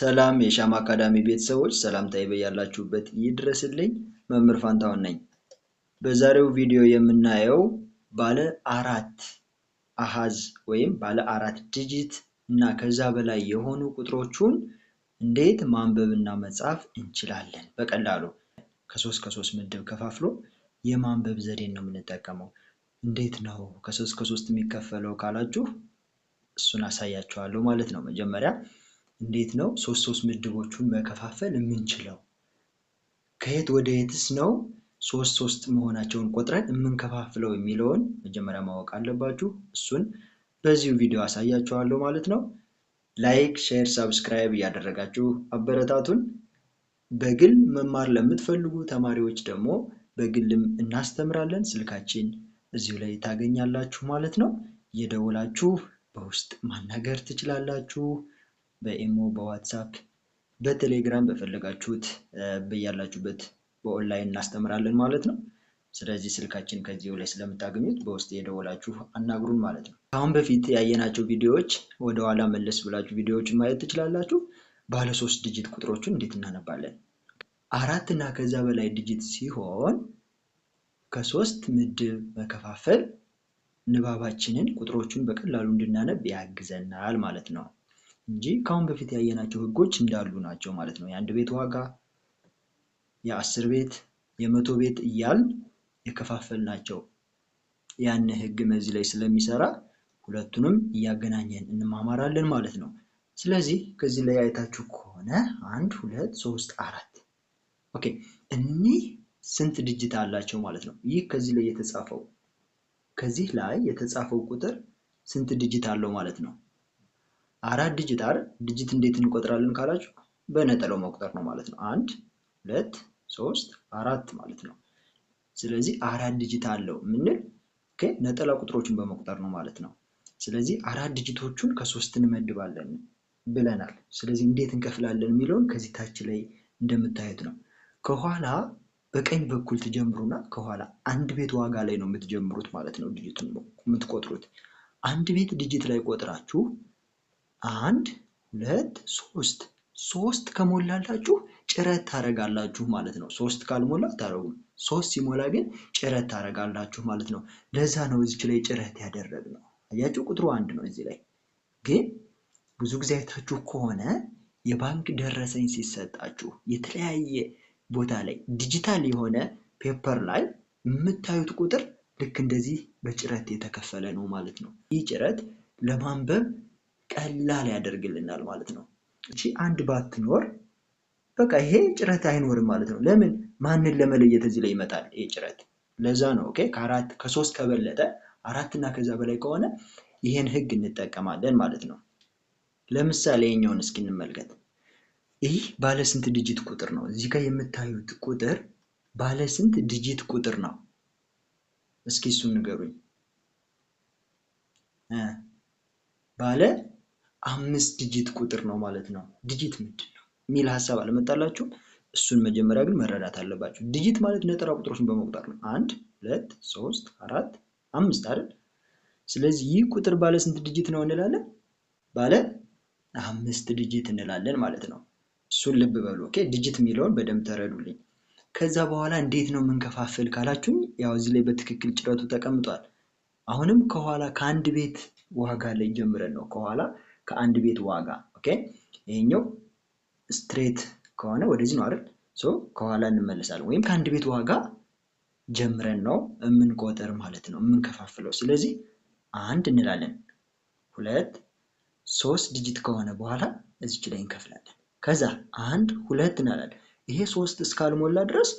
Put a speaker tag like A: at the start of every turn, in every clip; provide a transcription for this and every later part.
A: ሰላም የሻማ አካዳሚ ቤተሰቦች ሰላምታዬ በያላችሁበት ይድረስልኝ። መምህር ፋንታሁን ነኝ። በዛሬው ቪዲዮ የምናየው ባለ አራት አሃዝ ወይም ባለ አራት ዲጂት እና ከዛ በላይ የሆኑ ቁጥሮቹን እንዴት ማንበብና መጻፍ እንችላለን። በቀላሉ ከሶስት ከሶስት ምድብ ከፋፍሎ የማንበብ ዘዴን ነው የምንጠቀመው። እንዴት ነው ከሶስት ከሶስት የሚከፈለው ካላችሁ እሱን አሳያችኋለሁ ማለት ነው። መጀመሪያ እንዴት ነው ሶስት ሶስት ምድቦቹን መከፋፈል የምንችለው? ከየት ወደ የትስ ነው ሶስት ሶስት መሆናቸውን ቆጥረን የምንከፋፍለው የሚለውን መጀመሪያ ማወቅ አለባችሁ። እሱን በዚሁ ቪዲዮ አሳያችኋለሁ ማለት ነው። ላይክ፣ ሼር፣ ሰብስክራይብ እያደረጋችሁ አበረታቱን። በግል መማር ለምትፈልጉ ተማሪዎች ደግሞ በግልም እናስተምራለን። ስልካችን እዚሁ ላይ ታገኛላችሁ ማለት ነው። የደውላችሁ በውስጥ ማናገር ትችላላችሁ። በኢሞ በዋትሳፕ በቴሌግራም በፈለጋችሁት በያላችሁበት በኦንላይን እናስተምራለን ማለት ነው። ስለዚህ ስልካችን ከዚሁ ላይ ስለምታገኙት በውስጥ የደወላችሁ አናግሩን ማለት ነው። ከአሁን በፊት ያየናቸው ቪዲዮዎች ወደኋላ መለስ ብላችሁ ቪዲዮዎችን ማየት ትችላላችሁ። ባለ ሶስት ድጅት ቁጥሮችን እንዴት እናነባለን? አራት እና ከዛ በላይ ድጅት ሲሆን ከሶስት ምድብ መከፋፈል ንባባችንን ቁጥሮቹን በቀላሉ እንድናነብ ያግዘናል ማለት ነው። እንጂ ከአሁን በፊት ያየናቸው ህጎች እንዳሉ ናቸው ማለት ነው። የአንድ ቤት ዋጋ የአስር ቤት የመቶ ቤት እያል የከፋፈል ናቸው። ያን ህግ መዚህ ላይ ስለሚሰራ ሁለቱንም እያገናኘን እንማማራለን ማለት ነው። ስለዚህ ከዚህ ላይ አይታችሁ ከሆነ አንድ ሁለት ሶስት አራት ኦኬ፣ እኒህ ስንት ድጅት አላቸው ማለት ነው? ይህ ከዚህ ላይ የተጻፈው ከዚህ ላይ የተጻፈው ቁጥር ስንት ድጅት አለው ማለት ነው? አራት ዲጂት አይደል? ዲጂት እንዴት እንቆጥራለን ካላችሁ በነጠለው መቁጠር ነው ማለት ነው። አንድ ሁለት ሶስት አራት ማለት ነው። ስለዚህ አራት ዲጂት አለው የምንል ነጠላ ቁጥሮችን በመቁጠር ነው ማለት ነው። ስለዚህ አራት ዲጂቶቹን ከሶስት እንመድባለን ብለናል። ስለዚህ እንዴት እንከፍላለን የሚለውን ከዚህ ታች ላይ እንደምታዩት ነው። ከኋላ በቀኝ በኩል ትጀምሩና ከኋላ አንድ ቤት ዋጋ ላይ ነው የምትጀምሩት ማለት ነው። ዲጂቱን የምትቆጥሩት አንድ ቤት ዲጂት ላይ ቆጥራችሁ አንድ ሁለት ሶስት ሶስት ከሞላላችሁ ጭረት ታደርጋላችሁ ማለት ነው። ሶስት ካልሞላ ታደርጉም። ሶስት ሲሞላ ግን ጭረት ታደርጋላችሁ ማለት ነው። ለዛ ነው እዚች ላይ ጭረት ያደረግ ነው። አያችሁ፣ ቁጥሩ አንድ ነው። እዚህ ላይ ግን ብዙ ጊዜ አይታችሁ ከሆነ የባንክ ደረሰኝ ሲሰጣችሁ የተለያየ ቦታ ላይ ዲጂታል የሆነ ፔፐር ላይ የምታዩት ቁጥር ልክ እንደዚህ በጭረት የተከፈለ ነው ማለት ነው። ይህ ጭረት ለማንበብ ቀላል ያደርግልናል ማለት ነው። እቺ አንድ ባትኖር በቃ ይሄ ጭረት አይኖርም ማለት ነው። ለምን ማንን ለመለየት እዚህ ላይ ይመጣል ይሄ ጭረት? ለዛ ነው ኦኬ። ከአራት ከሶስት ከበለጠ አራት እና ከዛ በላይ ከሆነ ይሄን ህግ እንጠቀማለን ማለት ነው። ለምሳሌ የኛውን እስኪ እንመልከት። ይህ ባለስንት ዲጂት ቁጥር ነው? እዚህ ጋር የምታዩት ቁጥር ባለ ስንት ዲጂት ቁጥር ነው? እስኪ እሱን ንገሩኝ። ባለ አምስት ዲጂት ቁጥር ነው ማለት ነው። ዲጂት ምንድን ነው የሚል ሀሳብ አልመጣላችሁም? እሱን መጀመሪያ ግን መረዳት አለባችሁ። ዲጂት ማለት ነጠራ ቁጥሮችን በመቁጠር ነው። አንድ፣ ሁለት፣ ሶስት፣ አራት፣ አምስት አይደል? ስለዚህ ይህ ቁጥር ባለ ስንት ዲጂት ነው እንላለን? ባለ አምስት ዲጂት እንላለን ማለት ነው። እሱን ልብ በሉ። ኦኬ፣ ዲጂት የሚለውን በደንብ ተረዱልኝ። ከዛ በኋላ እንዴት ነው የምንከፋፍል ካላችሁኝ፣ ያው እዚህ ላይ በትክክል ጭረቱ ተቀምጧል። አሁንም ከኋላ ከአንድ ቤት ዋጋ ላይ ጀምረን ነው ከኋላ ከአንድ ቤት ዋጋ ኦኬ። ይሄኛው ስትሬት ከሆነ ወደዚህ ነው አይደል? ሶ ከኋላ እንመለሳለን ወይም ከአንድ ቤት ዋጋ ጀምረን ነው የምንቆጥር ማለት ነው የምንከፋፍለው። ስለዚህ አንድ እንላለን። ሁለት ሶስት ዲጂት ከሆነ በኋላ እዚች ላይ እንከፍላለን። ከዛ አንድ ሁለት እንላለን። ይሄ ሶስት እስካልሞላ ድረስ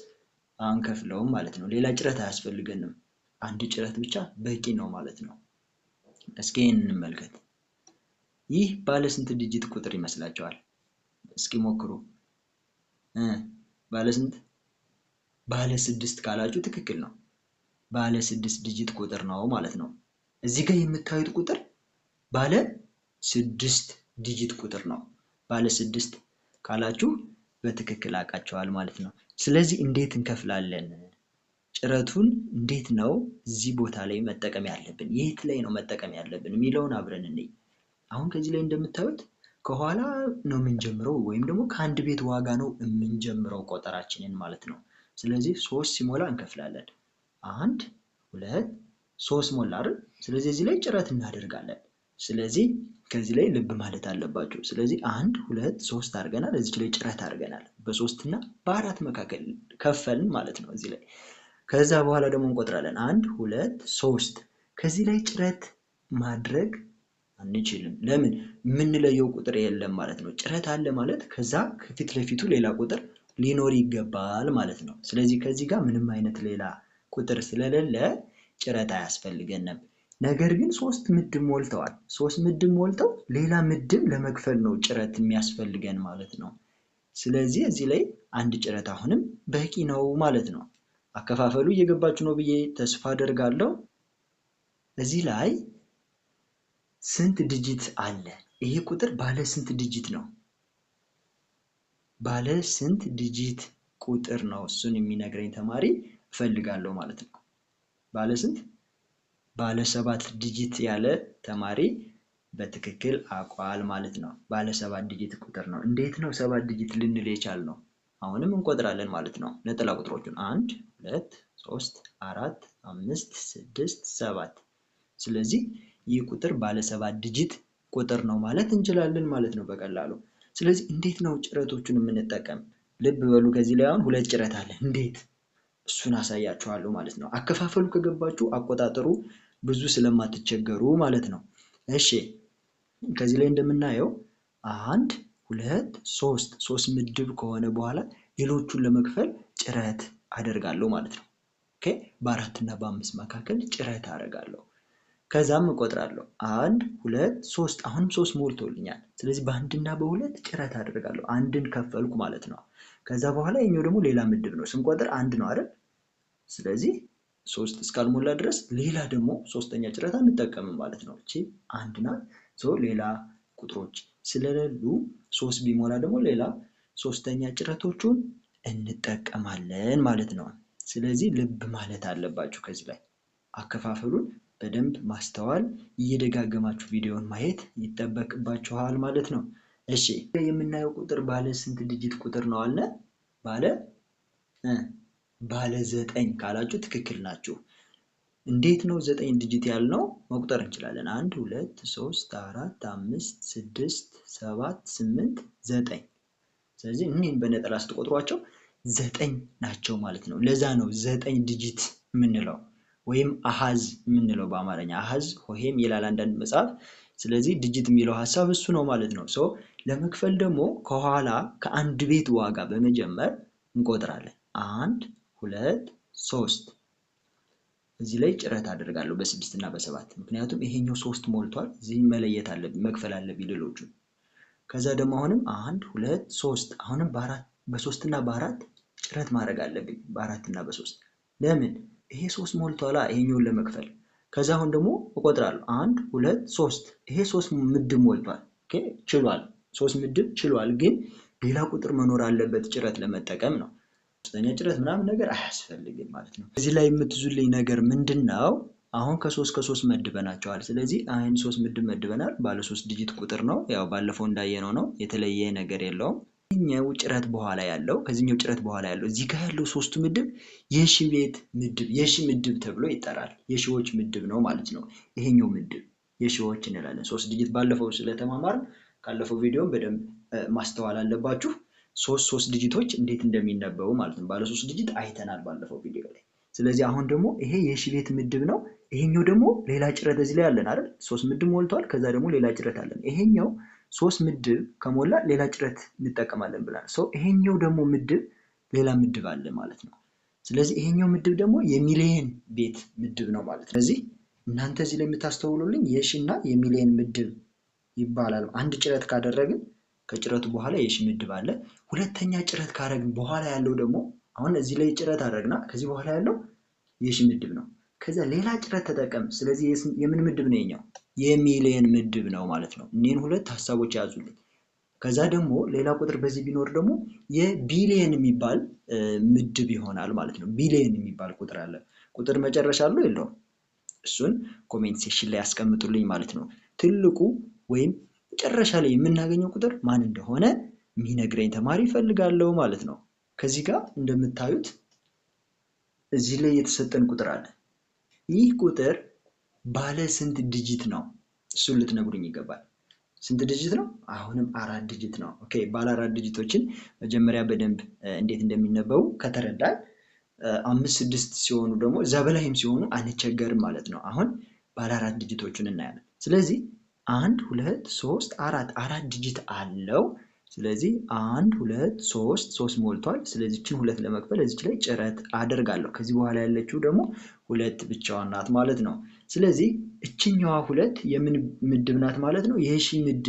A: አንከፍለውም ማለት ነው። ሌላ ጭረት አያስፈልገንም። አንድ ጭረት ብቻ በቂ ነው ማለት ነው። እስኪ እንመልከት። ይህ ባለ ስንት ዲጂት ቁጥር ይመስላችኋል? እስኪ ሞክሩ። ባለ ስንት? ባለ ስድስት ካላችሁ ትክክል ነው። ባለ ስድስት ዲጂት ቁጥር ነው ማለት ነው። እዚህ ጋር የምታዩት ቁጥር ባለ ስድስት ዲጂት ቁጥር ነው። ባለ ስድስት ካላችሁ በትክክል አውቃቸዋል ማለት ነው። ስለዚህ እንዴት እንከፍላለን? ጭረቱን እንዴት ነው እዚህ ቦታ ላይ መጠቀም ያለብን? የት ላይ ነው መጠቀም ያለብን የሚለውን አብረን እንይ። አሁን ከዚህ ላይ እንደምታዩት ከኋላ ነው የምንጀምረው ወይም ደግሞ ከአንድ ቤት ዋጋ ነው የምንጀምረው ቆጠራችንን ማለት ነው። ስለዚህ ሶስት ሲሞላ እንከፍላለን። አንድ ሁለት ሶስት ሞላ አይደል? ስለዚህ እዚህ ላይ ጭረት እናደርጋለን። ስለዚህ ከዚህ ላይ ልብ ማለት አለባችሁ። ስለዚህ አንድ ሁለት ሶስት አድርገናል፣ እዚች ላይ ጭረት አድርገናል። እና በአራት መካከል ከፈልን ማለት ነው እዚህ ላይ። ከዛ በኋላ ደግሞ እንቆጥራለን። አንድ ሁለት ሶስት። ከዚህ ላይ ጭረት ማድረግ አንችልም። ለምን የምንለየው ቁጥር የለም ማለት ነው። ጭረት አለ ማለት ከዛ ከፊት ለፊቱ ሌላ ቁጥር ሊኖር ይገባል ማለት ነው። ስለዚህ ከዚህ ጋር ምንም አይነት ሌላ ቁጥር ስለሌለ ጭረት አያስፈልገንም። ነገር ግን ሶስት ምድብ ሞልተዋል። ሶስት ምድብ ሞልተው ሌላ ምድብ ለመክፈል ነው ጭረት የሚያስፈልገን ማለት ነው። ስለዚህ እዚህ ላይ አንድ ጭረት አሁንም በቂ ነው ማለት ነው። አከፋፈሉ እየገባችሁ ነው ብዬ ተስፋ አደርጋለሁ። እዚህ ላይ ስንት ዲጂት አለ? ይሄ ቁጥር ባለ ስንት ዲጂት ነው? ባለ ስንት ዲጂት ቁጥር ነው? እሱን የሚነግረኝ ተማሪ እፈልጋለሁ ማለት ነው። ባለ ስንት? ባለ ሰባት ዲጂት ያለ ተማሪ በትክክል አቋል ማለት ነው። ባለ ሰባት ዲጂት ቁጥር ነው። እንዴት ነው ሰባት ዲጂት ልንል የቻል ነው? አሁንም እንቆጥራለን ማለት ነው። ነጠላ ቁጥሮቹን አንድ፣ ሁለት፣ ሶስት፣ አራት፣ አምስት፣ ስድስት፣ ሰባት። ስለዚህ ይህ ቁጥር ባለ ሰባት ቁጥር ነው ማለት እንችላለን ማለት ነው በቀላሉ። ስለዚህ እንዴት ነው ጭረቶቹን የምንጠቀም? ልብ በሉ ከዚህ ላይ አሁን ሁለት ጭረት አለ። እንዴት እሱን አሳያችኋለሁ ማለት ነው። አከፋፈሉ ከገባችሁ አቆጣጠሩ ብዙ ስለማትቸገሩ ማለት ነው። እሺ ከዚህ ላይ እንደምናየው አንድ ሁለት ሶስት ሶስት ምድብ ከሆነ በኋላ ሌሎቹን ለመክፈል ጭረት አደርጋለሁ ማለት ነው። በአራትና በአምስት መካከል ጭረት አደርጋለሁ። ከዛም እቆጥራለሁ አንድ ሁለት ሶስት አሁንም ሶስት ሞልቶልኛል ስለዚህ በአንድና በሁለት ጭረት አደርጋለሁ አንድን ከፈልኩ ማለት ነው ከዛ በኋላ የኛው ደግሞ ሌላ ምድብ ነው ስንቆጥር አንድ ነው አይደል ስለዚህ ሶስት እስካልሞላ ድረስ ሌላ ደግሞ ሶስተኛ ጭረት አንጠቀምም ማለት ነው እቺ አንድ ናት ሌላ ቁጥሮች ስለሌሉ ሶስት ቢሞላ ደግሞ ሌላ ሶስተኛ ጭረቶቹን እንጠቀማለን ማለት ነው ስለዚህ ልብ ማለት አለባችሁ ከዚህ ላይ አከፋፈሉን በደንብ ማስተዋል እየደጋገማችሁ ቪዲዮውን ማየት ይጠበቅባችኋል ማለት ነው። እሺ የምናየው ቁጥር ባለ ስንት ዲጂት ቁጥር ነው አለ? ባለ ባለ ዘጠኝ ካላችሁ ትክክል ናችሁ። እንዴት ነው ዘጠኝ ዲጂት ያልነው? መቁጠር እንችላለን። አንድ ሁለት ሶስት አራት አምስት ስድስት ሰባት ስምንት ዘጠኝ። ስለዚህ እኒህን በነጠላ ስትቆጥሯቸው ዘጠኝ ናቸው ማለት ነው። ለዛ ነው ዘጠኝ ዲጂት የምንለው። ወይም አሃዝ የምንለው በአማርኛ አሃዝ ሆሄም ይላል አንዳንድ መጽሐፍ። ስለዚህ ድጅት የሚለው ሀሳብ እሱ ነው ማለት ነው። ሰው ለመክፈል ደግሞ ከኋላ ከአንድ ቤት ዋጋ በመጀመር እንቆጥራለን። አንድ፣ ሁለት፣ ሶስት። እዚህ ላይ ጭረት አደርጋለሁ በስድስት እና በሰባት ምክንያቱም ይሄኛው ሶስት ሞልቷል። እዚህ መለየት አለ መክፈል አለብኝ ሌሎቹን። ከዛ ደግሞ አሁንም አንድ፣ ሁለት፣ ሶስት። አሁንም በሶስት እና በአራት ጭረት ማድረግ አለብኝ በአራት እና በሶስት ለምን ይሄ ሶስት ሞልቷላ ይሄኛውን ለመክፈል ከዛ አሁን ደግሞ እቆጥራለሁ አንድ ሁለት ሶስት ይሄ ሶስት ምድብ ሞልቷል ችሏል ሶስት ምድብ ችሏል ግን ሌላ ቁጥር መኖር አለበት ጭረት ለመጠቀም ነው ሶስተኛ ጭረት ምናምን ነገር አያስፈልግም ማለት ነው እዚህ ላይ የምትዙልኝ ነገር ምንድን ነው አሁን ከሶስት ከሶስት መድበናቸዋል ስለዚህ አይን ሶስት ምድብ መድበናል ባለ ሶስት ዲጂት ቁጥር ነው ያው ባለፈው እንዳየነው ነው የተለየ ነገር የለውም ከዚህኛው ጭረት በኋላ ያለው ከዚህኛው ጭረት በኋላ ያለው እዚህ ጋር ያለው ሶስቱ ምድብ የሺ ቤት ምድብ የሺ ምድብ ተብሎ ይጠራል። የሺዎች ምድብ ነው ማለት ነው። ይሄኛው ምድብ የሺዎች እንላለን። ሶስት ዲጂት ባለፈው ስለተማማር ካለፈው ቪዲዮም በደንብ ማስተዋል አለባችሁ። ሶስት ሶስት ዲጂቶች እንዴት እንደሚነበቡ ማለት ነው። ባለ ሶስት ዲጂት አይተናል ባለፈው ቪዲዮ ላይ። ስለዚህ አሁን ደግሞ ይሄ የሺ ቤት ምድብ ነው። ይሄኛው ደግሞ ሌላ ጭረት እዚህ ላይ አለን አይደል? ሶስት ምድብ ሞልቷል። ከዛ ደግሞ ሌላ ጭረት አለን። ይሄኛው ሶስት ምድብ ከሞላ ሌላ ጭረት እንጠቀማለን ሰው ይሄኛው ደግሞ ምድብ ሌላ ምድብ አለ ማለት ነው። ስለዚህ ይሄኛው ምድብ ደግሞ የሚሊየን ቤት ምድብ ነው ማለት ነው። ስለዚህ እናንተ እዚህ ላይ የምታስተውሉልኝ የሺና የሚሊየን ምድብ ይባላል። አንድ ጭረት ካደረግን ከጭረቱ በኋላ የሺ ምድብ አለ። ሁለተኛ ጭረት ካደረግን በኋላ ያለው ደግሞ አሁን እዚህ ላይ ጭረት አደረግና ከዚህ በኋላ ያለው የሺ ምድብ ነው። ከዚያ ሌላ ጭረት ተጠቀም። ስለዚህ የምን ምድብ ነው የኛው የሚሊየን ምድብ ነው ማለት ነው። እኒህን ሁለት ሀሳቦች ያዙልኝ። ከዛ ደግሞ ሌላ ቁጥር በዚህ ቢኖር ደግሞ የቢሊየን የሚባል ምድብ ይሆናል ማለት ነው። ቢሊየን የሚባል ቁጥር አለ። ቁጥር መጨረሻ አለው የለውም? እሱን ኮሜንት ሴክሽን ላይ ያስቀምጡልኝ ማለት ነው። ትልቁ ወይም መጨረሻ ላይ የምናገኘው ቁጥር ማን እንደሆነ የሚነግረኝ ተማሪ ይፈልጋለሁ ማለት ነው። ከዚህ ጋር እንደምታዩት እዚህ ላይ የተሰጠን ቁጥር አለ። ይህ ቁጥር ባለ ስንት ዲጂት ነው? እሱን ልትነግሩኝ ይገባል። ስንት ዲጂት ነው? አሁንም አራት ዲጂት ነው። ኦኬ ባለ አራት ዲጂቶችን መጀመሪያ በደንብ እንዴት እንደሚነበቡ ከተረዳ አምስት ስድስት ሲሆኑ ደግሞ ዘበላይም ሲሆኑ አንቸገርም ማለት ነው። አሁን ባለ አራት ዲጂቶቹን እናያለን። ስለዚህ አንድ ሁለት ሶስት አራት አራት ዲጂት አለው። ስለዚህ አንድ ሁለት ሶስት ሶስት ሞልቷል። ስለዚችን ሁለት ለመክፈል እዚች ላይ ጭረት አደርጋለሁ። ከዚህ በኋላ ያለችው ደግሞ ሁለት ብቻዋን ናት ማለት ነው። ስለዚህ እችኛዋ ሁለት የምን ምድብ ናት ማለት ነው? የሺ ምድብ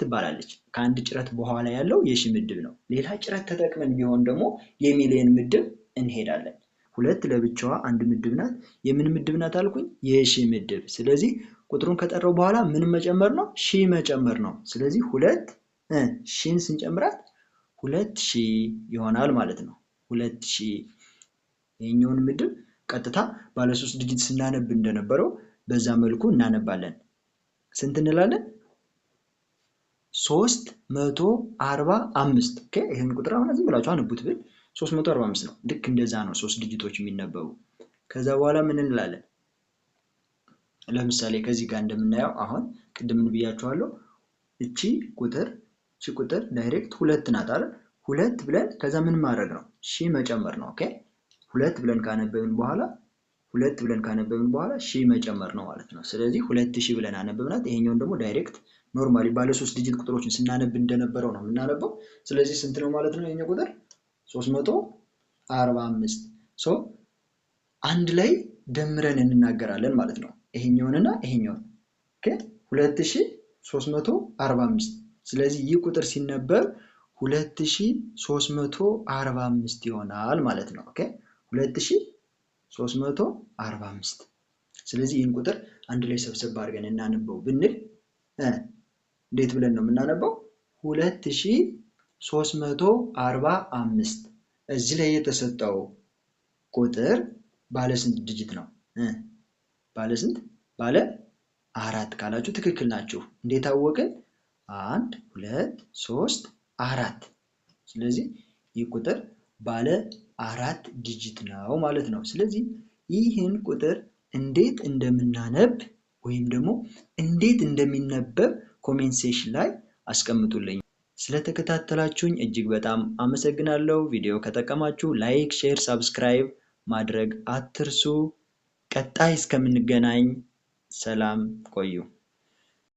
A: ትባላለች። ከአንድ ጭረት በኋላ ያለው የሺ ምድብ ነው። ሌላ ጭረት ተጠቅመን ቢሆን ደግሞ የሚሊየን ምድብ እንሄዳለን። ሁለት ለብቻዋ አንድ ምድብ ናት። የምን ምድብ ናት አልኩኝ? የሺ ምድብ። ስለዚህ ቁጥሩን ከጠራው በኋላ ምን መጨመር ነው? ሺ መጨመር ነው። ስለዚህ ሁለት ሺን ስንጨምራት ሁለት ሺ ይሆናል ማለት ነው። ሁለት ሺ የኛውን ምድብ ቀጥታ ባለሶስት ድጅት ስናነብ እንደነበረው በዛ መልኩ እናነባለን። ስንት እንላለን? ሶስት መቶ አርባ አምስት ይህን ቁጥር አሁን ዝም ብላችሁ አንቡት ብል አምስት ነው። ልክ እንደዛ ነው ሶስት ድጅቶች የሚነበቡ። ከዛ በኋላ ምን እንላለን? ለምሳሌ ከዚህ ጋር እንደምናየው አሁን ቅድም ብያችኋለሁ። እቺ ቁጥር እቺ ቁጥር ዳይሬክት ሁለት ናት አይደል? ሁለት ብለን ከዛ ምን ማድረግ ነው? ሺ መጨመር ነው። ኦኬ ሁለት ብለን ካነበብን በኋላ ሁለት ብለን ካነበብን በኋላ ሺህ መጨመር ነው ማለት ነው። ስለዚህ ሁለት ሺ ብለን አነብብናት። ይሄኛውን ደግሞ ዳይሬክት ኖርማሊ ባለ ሶስት ዲጂት ቁጥሮችን ስናነብ እንደነበረው ነው የምናነበው። ስለዚህ ስንት ነው ማለት ነው ይሄኛው ቁጥር አምስት ሶ አንድ ላይ ደምረን እንናገራለን ማለት ነው። ይሄኛውንና ይሄኛውን አርባ አምስት ስለዚህ ይህ ቁጥር ሲነበብ አምስት ይሆናል ማለት ነው። ኦኬ 2345 ስለዚህ ይህን ቁጥር አንድ ላይ ሰብሰብ አድርገን እናነበው ብንል እንዴት ብለን ነው የምናነበው? 2345 እዚህ ላይ የተሰጠው ቁጥር ባለስንት ድጅት ነው? ባለስንት? ባለ አራት ካላችሁ ትክክል ናችሁ። እንዴት አወቅን? አንድ ሁለት ሶስት አራት። ስለዚህ ይህ ቁጥር ባለ አራት ዲጂት ነው ማለት ነው። ስለዚህ ይህን ቁጥር እንዴት እንደምናነብ ወይም ደግሞ እንዴት እንደሚነበብ ኮሜንት ሴሽን ላይ አስቀምጡልኝ። ስለተከታተላችሁኝ እጅግ በጣም አመሰግናለሁ። ቪዲዮ ከጠቀማችሁ ላይክ፣ ሼር፣ ሳብስክራይብ ማድረግ አትርሱ። ቀጣይ እስከምንገናኝ ሰላም ቆዩ።